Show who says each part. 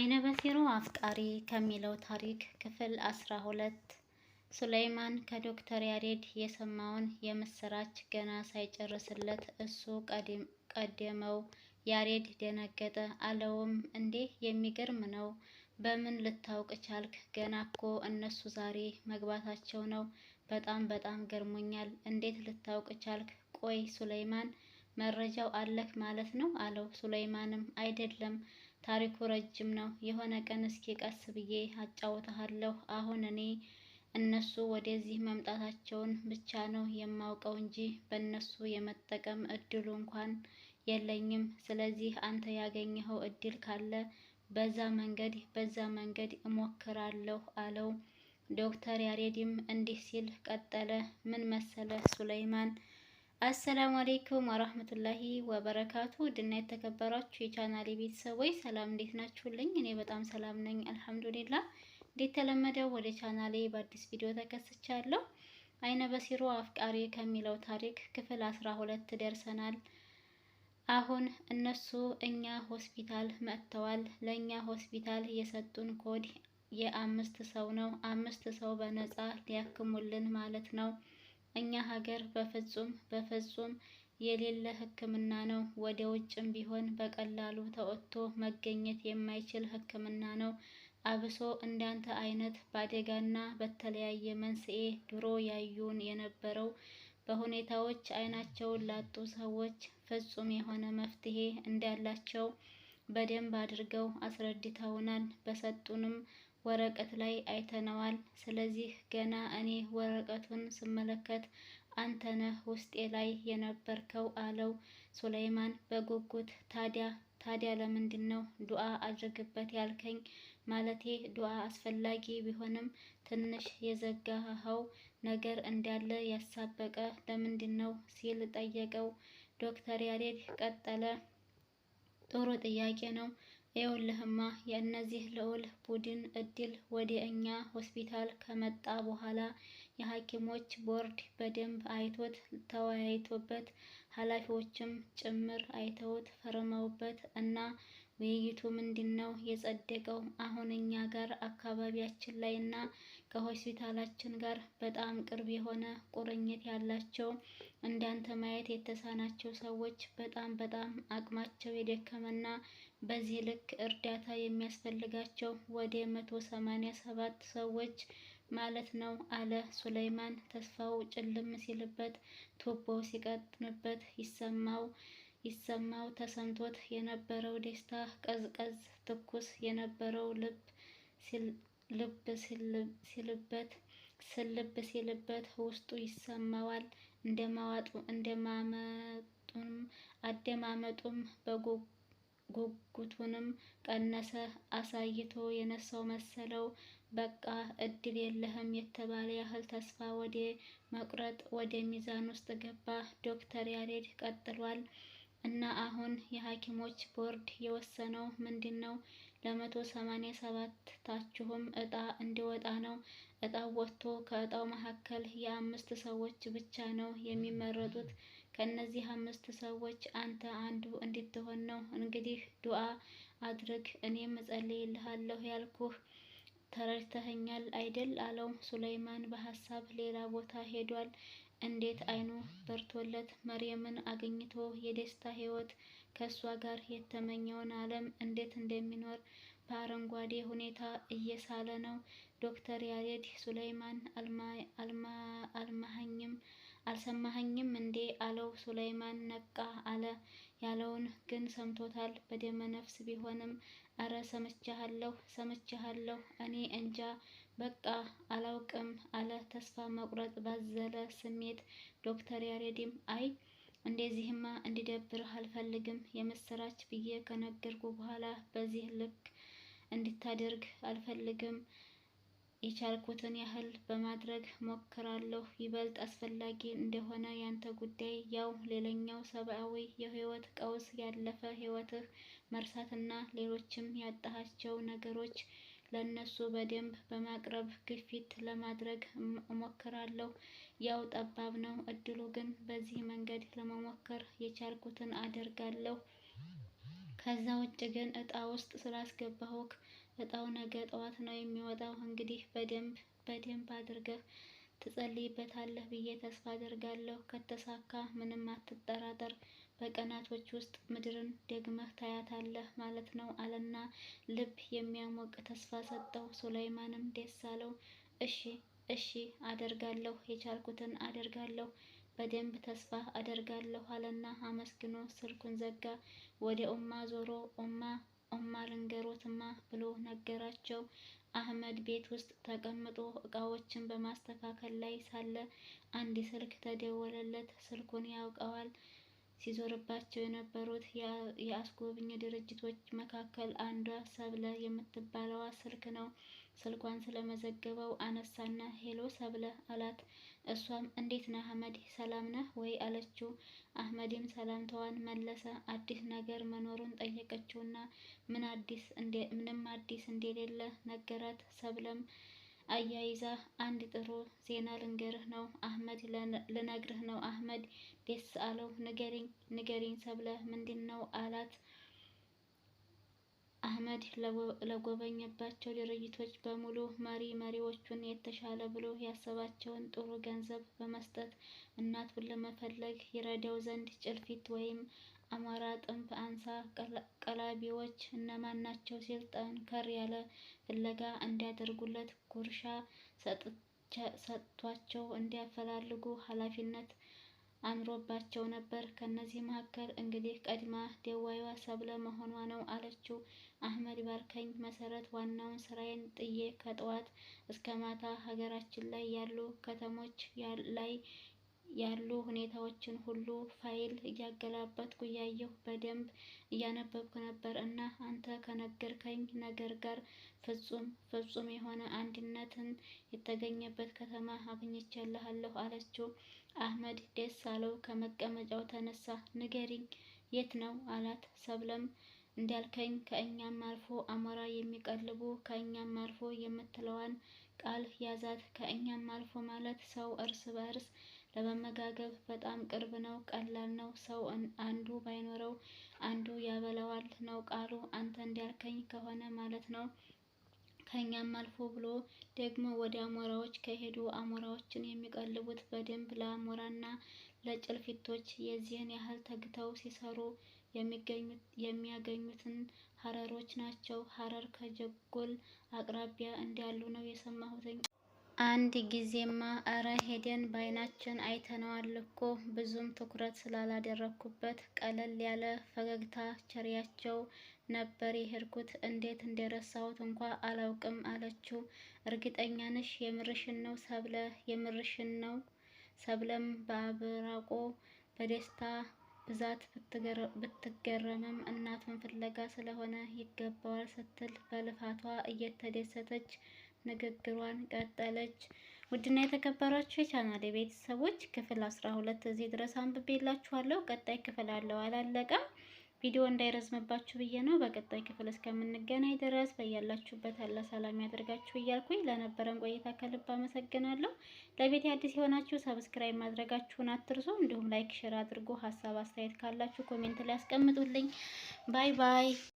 Speaker 1: አይነ በሲሩ አፍቃሪ ከሚለው ታሪክ ክፍል አስራ ሁለት ሱለይማን ከዶክተር ያሬድ የሰማውን የምስራች ገና ሳይጨርስለት እሱ ቀደመው። ያሬድ ደነገጠ። አለውም እንዴ የሚገርም ነው። በምን ልታውቅ ቻልክ? ገና እኮ እነሱ ዛሬ መግባታቸው ነው። በጣም በጣም ገርሞኛል። እንዴት ልታውቅ ቻልክ? ቆይ ሱለይማን መረጃው አለክ ማለት ነው አለው። ሱለይማንም አይደለም ታሪኩ ረጅም ነው። የሆነ ቀን እስኪ ቀስ ብዬ አጫውታለሁ። አሁን እኔ እነሱ ወደዚህ መምጣታቸውን ብቻ ነው የማውቀው እንጂ በእነሱ የመጠቀም እድሉ እንኳን የለኝም። ስለዚህ አንተ ያገኘኸው እድል ካለ በዛ መንገድ በዛ መንገድ እሞክራለሁ አለው። ዶክተር ያሬድም እንዲህ ሲል ቀጠለ። ምን መሰለ ሱለይማን አሰላሙ አሌይኩም ወራህመቱላሂ ወበረካቱ ድና የተከበራችሁ የቻናሌ ቤተሰቦች ሰላም እንዴት ናችሁልኝ? እኔ በጣም ሰላም ነኝ አልሐምዱሊላ። እንዴት ተለመደው ወደ ቻናሌ በአዲስ ቪዲዮ ተከስቻለሁ። አይነ በሲሮ አፍቃሪ ከሚለው ታሪክ ክፍል አስራ ሁለት ደርሰናል። አሁን እነሱ እኛ ሆስፒታል መጥተዋል። ለእኛ ሆስፒታል የሰጡን ኮድ የአምስት ሰው ነው። አምስት ሰው በነጻ ሊያክሙልን ማለት ነው እኛ ሀገር በፍጹም በፍጹም የሌለ ሕክምና ነው። ወደ ውጭም ቢሆን በቀላሉ ተወጥቶ መገኘት የማይችል ሕክምና ነው። አብሶ እንዳንተ አይነት በአደጋና በተለያየ መንስኤ ድሮ ያዩን የነበረው በሁኔታዎች አይናቸውን ላጡ ሰዎች ፍጹም የሆነ መፍትሄ እንዳላቸው በደንብ አድርገው አስረድተውናል። በሰጡንም ወረቀት ላይ አይተነዋል። ስለዚህ ገና እኔ ወረቀቱን ስመለከት አንተ ነህ ውስጤ ላይ የነበርከው አለው ሱለይማን በጉጉት ታዲያ ታዲያ ለምንድን ነው ዱዓ አድርግበት ያልከኝ? ማለቴ ዱዓ አስፈላጊ ቢሆንም ትንሽ የዘጋኸው ነገር እንዳለ ያሳበቀ ለምንድን ነው ሲል ጠየቀው። ዶክተር ያሬድ ቀጠለ፣ ጥሩ ጥያቄ ነው ይኸውልህማ የእነዚህ ልዑል ቡድን እድል ወደ እኛ ሆስፒታል ከመጣ በኋላ የሐኪሞች ቦርድ በደንብ አይቶት ተወያይቶበት ኃላፊዎችም ጭምር አይተውት ፈርመውበት እና ውይይቱ ምንድን ነው የጸደቀው? አሁን እኛ ጋር አካባቢያችን ላይ እና ከሆስፒታላችን ጋር በጣም ቅርብ የሆነ ቁርኝት ያላቸው እንዳንተ ማየት የተሳናቸው ሰዎች በጣም በጣም አቅማቸው የደከመና በዚህ ልክ እርዳታ የሚያስፈልጋቸው ወደ መቶ ሰማኒያ ሰባት ሰዎች ማለት ነው አለ ሱለይማን። ተስፋው ጭልም ሲልበት ቱቦ ሲቀጥምበት ይሰማው ይሰማው ተሰምቶት የነበረው ደስታ ቀዝቀዝ ትኩስ የነበረው ልብ ልብ ሲልበት ስልብ ሲልበት ውስጡ ይሰማዋል። እንደማዋጡ እንደማመጡም አደማመጡም በጉ ጉጉቱንም ቀነሰ። አሳይቶ የነሳው መሰለው። በቃ እድል የለህም የተባለ ያህል ተስፋ ወደ መቁረጥ ወደ ሚዛን ውስጥ ገባ። ዶክተር ያሬድ ቀጥሏል። እና አሁን የሐኪሞች ቦርድ የወሰነው ምንድን ነው? ለመቶ ሰማኒያ ታችሁም እጣ እንዲወጣ ነው። እጣው ወጥቶ ከእጣው መካከል የአምስት ሰዎች ብቻ ነው የሚመረጡት። ከእነዚህ አምስት ሰዎች አንተ አንዱ እንድትሆን ነው። እንግዲህ ዱአ አድርግ፣ እኔም እጸልይልሃለሁ ያልኩህ ተረድተኸኛል አይደል? አለው። ሱለይማን በሀሳብ ሌላ ቦታ ሄዷል። እንዴት አይኑ በርቶለት መርየምን አግኝቶ የደስታ ህይወት ከእሷ ጋር የተመኘውን አለም እንዴት እንደሚኖር በአረንጓዴ ሁኔታ እየሳለ ነው። ዶክተር ያሬድ ሱለይማን አልሰማኸኝም እንዴ አለው። ሱለይማን ነቃ አለ። ያለውን ግን ሰምቶታል። በደመ ነፍስ ቢሆንም አረ ሰምቼሃለሁ፣ ሰምቼሃለሁ። እኔ እንጃ በቃ አላውቅም አለ ተስፋ መቁረጥ ባዘለ ስሜት። ዶክተር ያሬድም አይ እንደዚህማ እንዲደብርህ አልፈልግም። የምስራች ብዬ ከነገርኩ በኋላ በዚህ ልክ እንድታደርግ አልፈልግም የቻልኩትን ያህል በማድረግ ሞክራለሁ። ይበልጥ አስፈላጊ እንደሆነ ያንተ ጉዳይ ያው ሌላኛው ሰብአዊ የህይወት ቀውስ ያለፈ ህይወትህ መርሳትና ሌሎችም ያጣሃቸው ነገሮች ለነሱ በደንብ በማቅረብ ግፊት ለማድረግ እሞክራለሁ። ያው ጠባብ ነው እድሉ ግን በዚህ መንገድ ለመሞከር የቻልኩትን አደርጋለሁ። ከዛ ውጭ ግን እጣ ውስጥ ስላስገባሁክ እጣው ነገ ጠዋት ነው የሚወጣው። እንግዲህ በደንብ በደንብ አድርገህ ትጸልይበታለህ ብዬ ተስፋ አደርጋለሁ። ከተሳካ ምንም አትጠራጠር፣ በቀናቶች ውስጥ ምድርን ደግመህ ታያታለህ ማለት ነው አለና ልብ የሚያሞቅ ተስፋ ሰጠው። ሱላይማንም ደስ አለው። እሺ እሺ አደርጋለሁ፣ የቻልኩትን አደርጋለሁ፣ በደንብ ተስፋ አደርጋለሁ አለና አመስግኖ ስልኩን ዘጋ። ወደ ኡማ ዞሮ ኡማ እማ ልንገሮትማ ብሎ ነገራቸው። አህመድ ቤት ውስጥ ተቀምጦ እቃዎችን በማስተካከል ላይ ሳለ አንድ ስልክ ተደወለለት። ስልኩን ያውቀዋል። ሲዞርባቸው የነበሩት የአስጎብኝ ድርጅቶች መካከል አንዷ ሰብለ የምትባለዋ ስልክ ነው። ስልኳን ስለመዘገበው አነሳና ሄሎ ሰብለ አላት። እሷም እንዴት ነህ አህመድ ሰላም ነህ ወይ አለችው። አህመድም ሰላምታዋን መለሰ። አዲስ ነገር መኖሩን ጠየቀችውና ምን አዲስ ምንም አዲስ እንደሌለ ነገራት። ሰብለም አያይዛ አንድ ጥሩ ዜና ልንገርህ ነው አህመድ ልነግርህ ነው አህመድ ደስ አለው። ንገሪኝ ንገሪኝ ሰብለ ምንድን ነው አላት። አህመድ ለጎበኘባቸው ድርጅቶች በሙሉ መሪ መሪዎቹን የተሻለ ብሎ ያሰባቸውን ጥሩ ገንዘብ በመስጠት እናቱን ለመፈለግ ይረዳው ዘንድ ጭልፊት ወይም አማራ ጥንብ አንሳ ቀላቢዎች እነማን ናቸው ሲል ጠንከር ያለ ፍለጋ እንዲያደርጉለት ጉርሻ ሰጥቷቸው እንዲያፈላልጉ ኃላፊነት አምሮባቸው ነበር። ከነዚህ መካከል እንግዲህ ቀድማ ደዋይዋ ሰብለ መሆኗ ነው አለችው። አህመድ ባርከኝ መሰረት ዋናውን ስራዬን ጥዬ ከጠዋት እስከ ማታ ሀገራችን ላይ ያሉ ከተሞች ላይ ያሉ ሁኔታዎችን ሁሉ ፋይል እያገላበጥኩ እያየሁ በደንብ እያነበብኩ ነበር እና አንተ ከነገርከኝ ነገር ጋር ፍጹም ፍጹም የሆነ አንድነትን የተገኘበት ከተማ አግኝቼልሃለሁ አለችው። አህመድ ደስ አለው። ከመቀመጫው ተነሳ። ንገሪኝ የት ነው አላት። ሰብለም እንዳልከኝ ከእኛም አልፎ አሞራ የሚቀልቡ ከእኛም አልፎ የምትለዋን ቃል ያዛት። ከእኛም አልፎ ማለት ሰው እርስ በእርስ ለመመጋገብ በጣም ቅርብ ነው፣ ቀላል ነው። ሰው አንዱ ባይኖረው አንዱ ያበላዋል ነው ቃሉ። አንተ እንዲያልከኝ ከሆነ ማለት ነው። ከኛም አልፎ ብሎ ደግሞ ወደ አሞራዎች ከሄዱ አሞራዎችን የሚቀልቡት በደንብ ለአሞራና ለጭልፊቶች የዚህን ያህል ተግተው ሲሰሩ የሚያገኙትን ሀረሮች ናቸው። ሀረር ከጀጎል አቅራቢያ እንዳሉ ነው የሰማሁትኝ። አንድ ጊዜማ እረ ሄደን በአይናችን አይተነዋል እኮ ብዙም ትኩረት ስላላደረግኩበት ቀለል ያለ ፈገግታ ቸሪያቸው ነበር የሄድኩት። እንዴት እንደረሳሁት እንኳ አላውቅም አለችው። እርግጠኛ ነሽ? የምርሽን ነው ሰብለ? የምርሽን ነው? ሰብለም በአብራቆ በደስታ ብዛት ብትገረምም እናቱን ፍለጋ ስለሆነ ይገባዋል ስትል በልፋቷ እየተደሰተች ንግግሯን ቀጠለች። ውድና የተከበራችሁ የቻናል ቤተሰቦች ክፍል አስራ ሁለት እዚህ ድረስ አንብቤላችኋለሁ። ቀጣይ ክፍል አለው አላለቀም። ቪዲዮ እንዳይረዝምባችሁ ብዬ ነው። በቀጣይ ክፍል እስከምንገናኝ ድረስ በያላችሁበት ያለ ሰላም ያደርጋችሁ እያልኩኝ ለነበረን ቆይታ ከልብ አመሰግናለሁ። ለቤት አዲስ የሆናችሁ ሰብስክራይብ ማድረጋችሁን አትርሱ። እንዲሁም ላይክ፣ ሼር አድርጎ ሀሳብ አስተያየት ካላችሁ ኮሜንት ላይ አስቀምጡልኝ። ባይ ባይ።